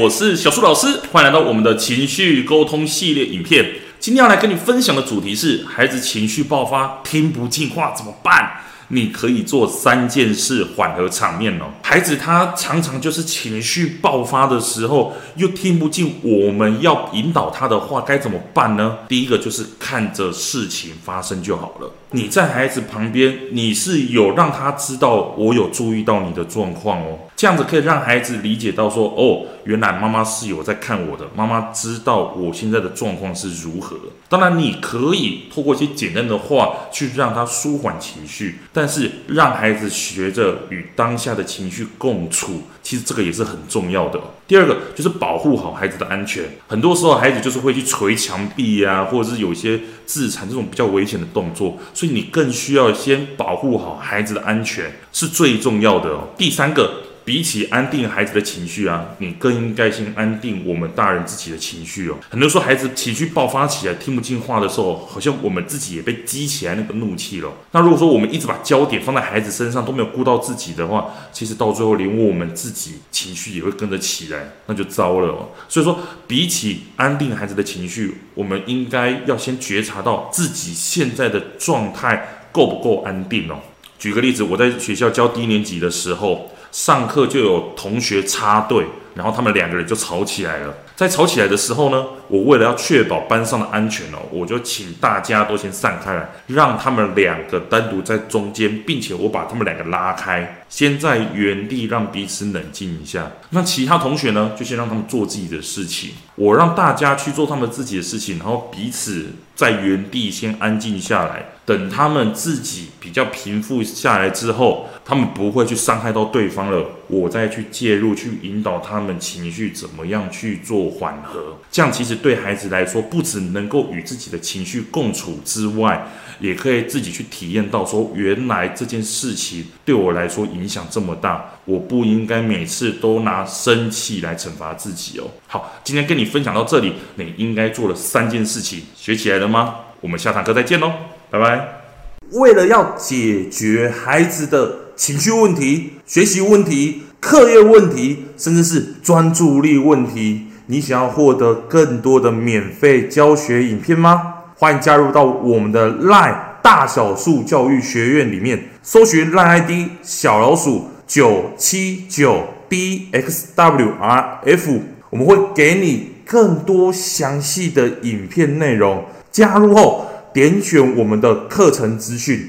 我是小樹老師，歡迎來到我們的情緒溝通系列影片。今天要來跟你分享的主題是：孩子情緒爆發，聽不進話怎麼辦？你可以做三件事緩和場面哦。孩子他常常就是情緒爆發的時候，又聽不進我們要引導他的話，該怎麼辦呢？第一個就是看着事情發生就好了。你在孩子旁邊，你是有讓他知道我有注意到你的狀況哦，這樣子可以讓孩子理解到說，哦，原來媽媽是有在看我的，媽媽知道我現在的狀況是如何。當然，你可以透過一些簡單的話去讓他舒緩情緒，但是讓孩子學着與當下的情緒共處，其實這個也是很重要的。第二個就是保護好孩子的安全，很多時候孩子就是會去捶牆壁啊，或者是有一些自殘這種比較危險的動作。所以你更需要先保護好孩子的安全，是最重要的哦。第三個。比起安定孩子的情緒啊，你、嗯、更應該先安定我們大人自己的情緒哦。很多時候，孩子情緒爆發起來，聽不進話的時候，好像我們自己也被激起來那個怒氣了。那如果說我們一直把焦點放在孩子身上，都沒有顧到自己的話，其實到最後連我們自己情緒也會跟着起來，那就糟了哦。所以說，比起安定孩子的情緒，我們應該要先覺察到自己現在的狀態夠不夠安定哦。舉個例子，我在學校教低年級的時候。上課就有同學插隊。然後他們兩個人就吵起來了。在吵起來的時候呢，我為了要確保班上的安全哦，我就請大家都先散開來，讓他們兩個單獨在中間，並且我把他們兩個拉開，先在原地讓彼此冷靜一下。那其他同學呢，就先讓他們做自己的事情。我讓大家去做他們自己的事情，然後彼此在原地先安靜下來，等他們自己比較平復下來之後，他們不會去傷害到對方了。我再去介入，去引導他們情緒怎麼樣去做緩和，這樣其實對孩子來說，不只能夠與自己的情緒共處之外，也可以自己去體驗到說，原來這件事情對我來說影響這麼大，我不應該每次都拿生氣來懲罰自己哦。好，今天跟你分享到這裡，你應該做了三件事情，學起來了嗎？我們下堂課再見嘍，拜拜。為了要解決孩子的。情緒問題、學習問題、課業問題，甚至是專注力問題，你想要獲得更多的免費教學影片嗎？歡迎加入到我們的賴大小樹教育學院裡面，搜尋賴 ID 小老鼠九七九 dxwrf，我們會給你更多詳細的影片內容。加入後，點選我們的課程資訊。